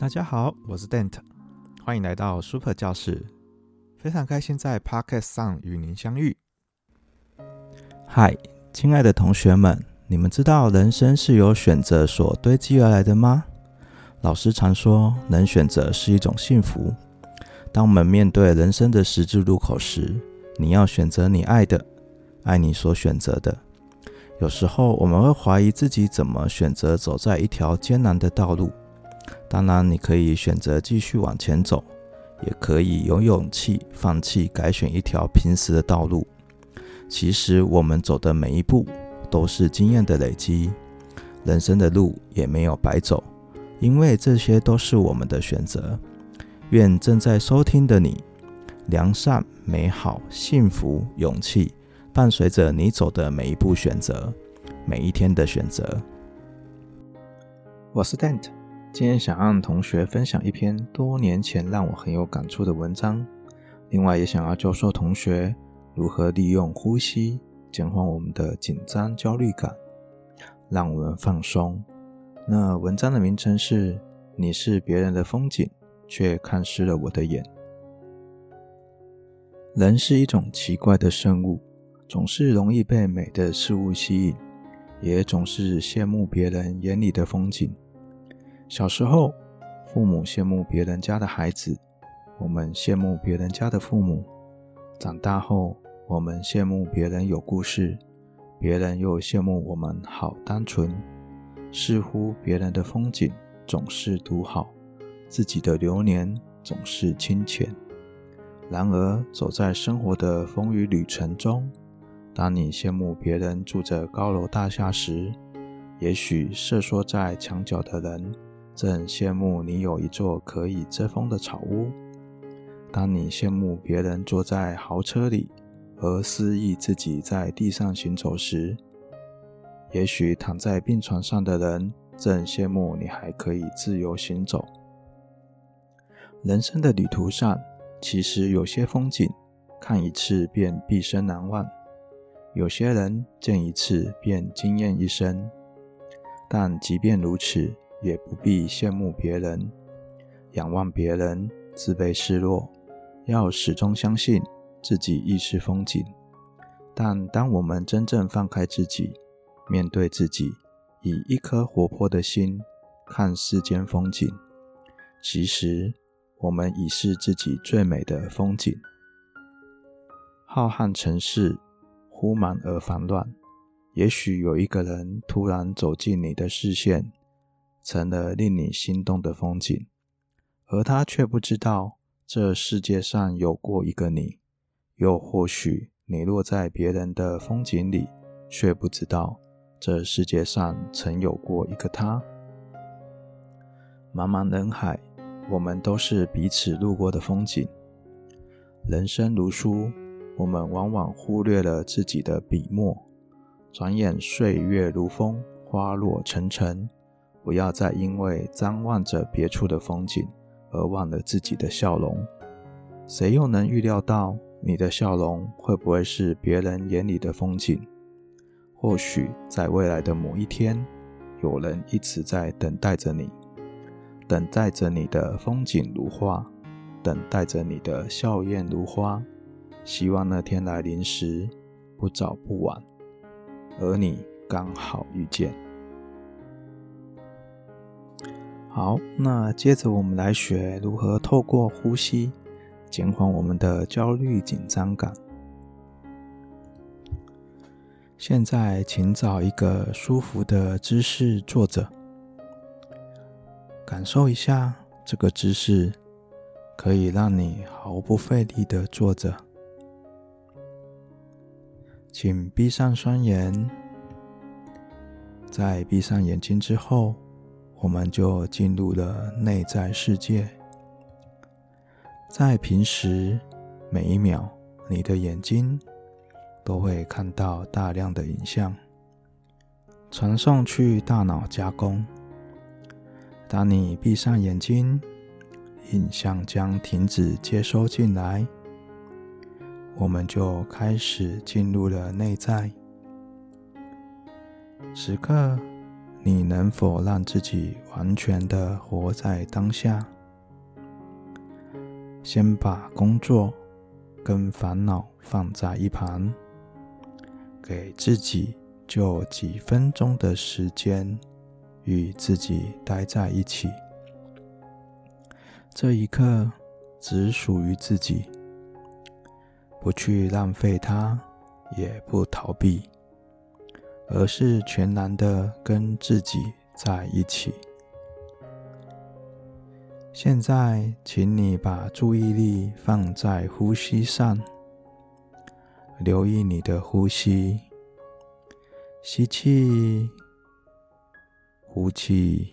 大家好，我是 Dante，歡迎來到 Super 教室，非常開心在 Podcast 上與您相遇。嗨，親愛的同學們，你們知道人生是由選擇所堆積而來的嗎？老師常說，能選擇是一種幸福。當我們面對人生的十字路口時，你要選擇你愛的，愛你所選擇的。有時候我們會懷疑自己怎麼選擇走在一條艱難的道路。當然，你可以選擇繼續往前走，也可以有勇氣放棄，改選一條平時的道路。其實，我們走的每一步都是經驗的累積，人生的路也沒有白走，因為這些都是我們的選擇。願正在收聽的你，良善、美好、幸福、勇氣，伴隨着你走的每一步選擇，每一天的選擇。我是 Dante。今天想讓同學分享一篇多年前讓我很有感觸的文章，另外也想要教授同學如何利用呼吸減緩我們的緊張焦慮感，讓我們放鬆。那文章的名稱是《你是別人的風景，卻看濕了我的眼》。人是一種奇怪的生物，總是容易被美的事物吸引，也總是羨慕別人眼裡的風景。小時候，父母羨慕別人家的孩子，我們羨慕別人家的父母。長大後，我們羨慕別人有故事，別人又羨慕我們好單純。似乎別人的風景總是獨好，自己的流年總是清淺。然而，走在生活的風雨旅程中，當你羨慕別人住着高樓大廈時，也許瑟縮在牆角的人。正羨慕你有一座可以遮風的草屋。當你羨慕別人坐在豪車裡，而失意自己在地上行走時，也許躺在病床上的人正羨慕你還可以自由行走。人生的旅途上，其實有些風景，看一次便畢生難忘；有些人見一次便驚豔一生。但即便如此。也不必羨慕別人，仰望別人，自卑失落。要始終相信自己亦是風景。但當我們真正放開自己，面對自己，以一顆活潑的心看世間風景，其實我們已是自己最美的風景。浩瀚塵世，匆忙而煩亂，也許有一個人突然走進你的視線。成了令你心動的風景，而他卻不知道這世界上有過一個你。又或許你落在別人的風景裡，卻不知道這世界上曾有過一個他。茫茫人海，我們都是彼此路過的風景。人生如書，我們往往忽略了自己的筆墨。轉眼歲月如風，花落成塵。不要再因為張望着別處的風景，而忘了自己的笑容。誰又能預料到你的笑容會不會是別人眼裡的風景？或許在未來的某一天，有人一直在等待着你，等待着你的風景如畫，等待着你的笑靥如花。希望那天來臨時，不早不晚，而你剛好遇見。好，那接着我們來學如何透過呼吸減緩我們的焦慮緊張感。現在，請找一個舒服的姿勢坐着，感受一下這個姿勢可以讓你毫不費力的坐着。請閉上雙眼，在閉上眼睛之後。我們就進入了內在世界。在平時，每一秒，你的眼睛都會看到大量的影像，傳送去大腦加工。當你閉上眼睛，影像將停止接收進來，我們就開始進入了內在時刻。你能否讓自己完全的活在當下？先把工作跟煩惱放在一旁，給自己就幾分鐘的時間，與自己待在一起。這一刻只屬於自己，不去浪費它，也不逃避。而是全然地跟自己在一起。現在，請你把注意力放在呼吸上，留意你的呼吸。吸氣，呼氣，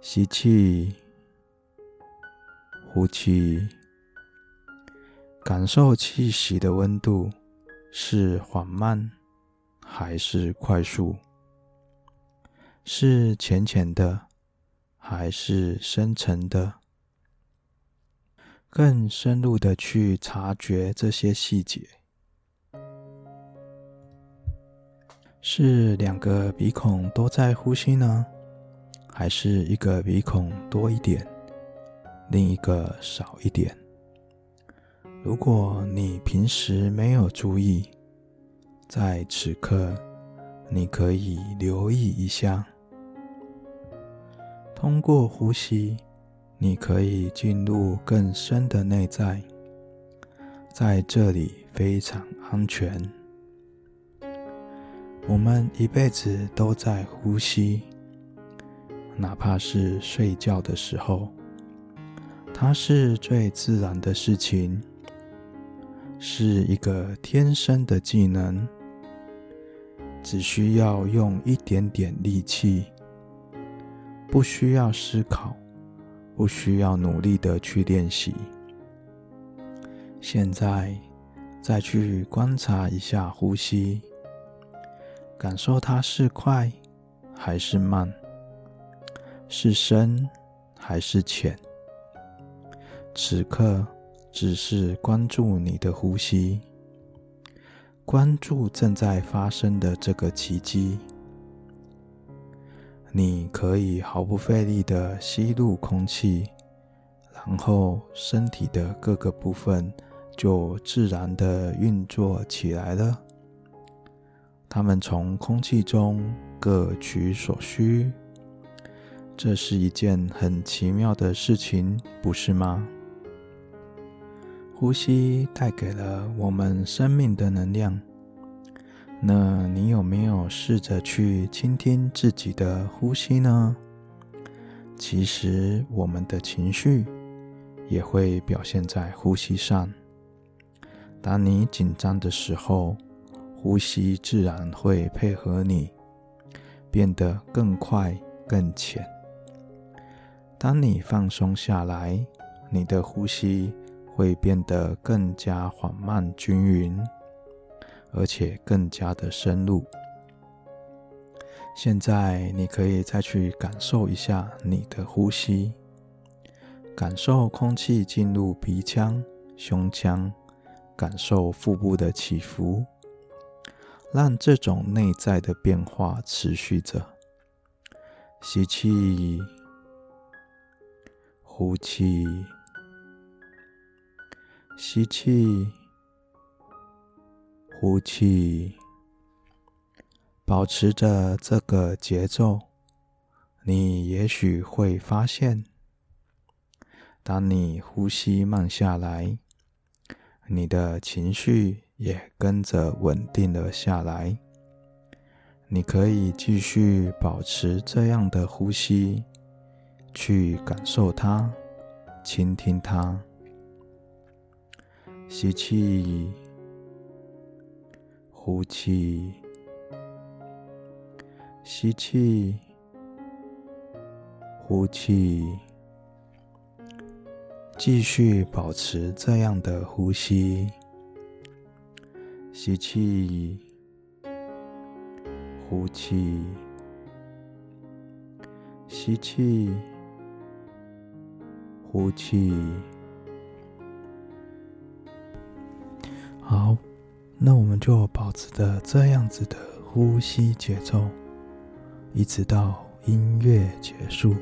吸氣，呼氣。感受氣息的溫度是緩慢，還是快速？是淺淺的，還是深沉的？更深入的去察覺這些細節。是兩個鼻孔都在呼吸呢，還是一個鼻孔多一點，另一個少一點？如果你平時沒有注意。在此刻，你可以留意一下。通過呼吸，你可以進入更深的內在，在這裡非常安全。我們一輩子都在呼吸，哪怕是睡覺的時候，它是最自然的事情，是一個天生的技能。只需要用一點點力氣，不需要思考，不需要努力的去練習。現在，再去觀察一下呼吸，感受它是快還是慢，是深還是淺？此刻，只是關注你的呼吸。關注正在發生的這個奇蹟，你可以毫不費力的吸入空氣，然後身體的各個部分就自然的運作起來了。它們從空氣中各取所需，這是一件很奇妙的事情，不是嗎？呼吸帶給了我們生命的能量。那你有沒有試着去傾聽自己的呼吸呢？其實，我們的情緒也會表現在呼吸上。當你緊張的時候，呼吸自然會配合你，變得更快、更淺。當你放鬆下來，你的呼吸，會變得更加緩慢、均勻，而且更加的深入。現在，你可以再去感受一下你的呼吸，感受空氣進入鼻腔、胸腔，感受腹部的起伏，讓這種內在的變化持續着。吸氣，呼氣。吸氣，呼氣，保持着這個節奏。你也許會發現，當你呼吸慢下來，你的情緒也跟着穩定了下來。你可以繼續保持這樣的呼吸，去感受它，傾聽它。吸氣，呼氣，吸氣，呼氣。繼續保持這樣的呼吸。吸氣，呼氣，吸氣，呼氣。好，那我們就保持着這樣子的呼吸節奏，一直到音樂結束。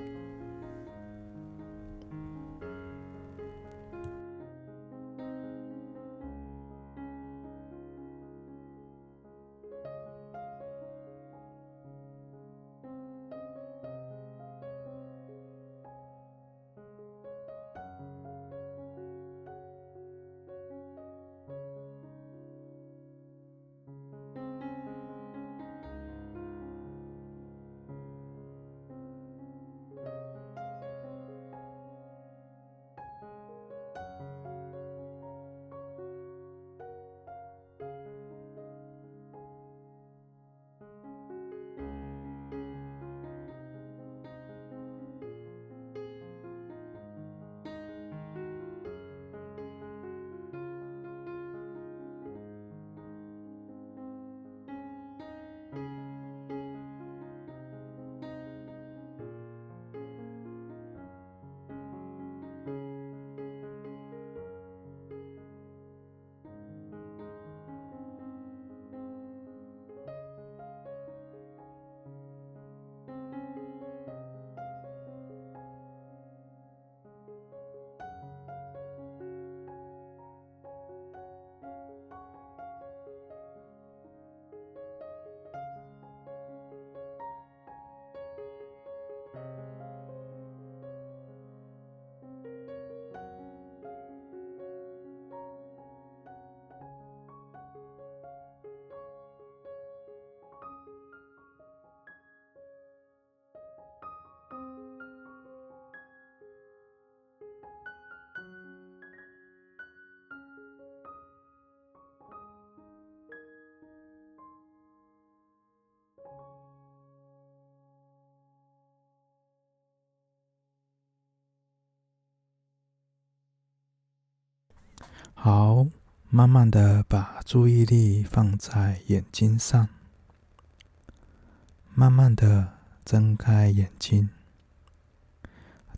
好，慢慢的把注意力放在眼睛上，慢慢的睜開眼睛，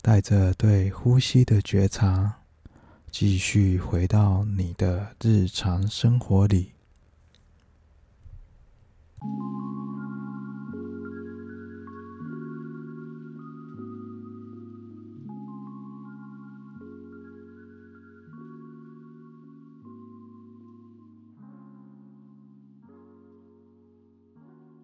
帶着對呼吸的覺察，繼續回到你的日常生活裡。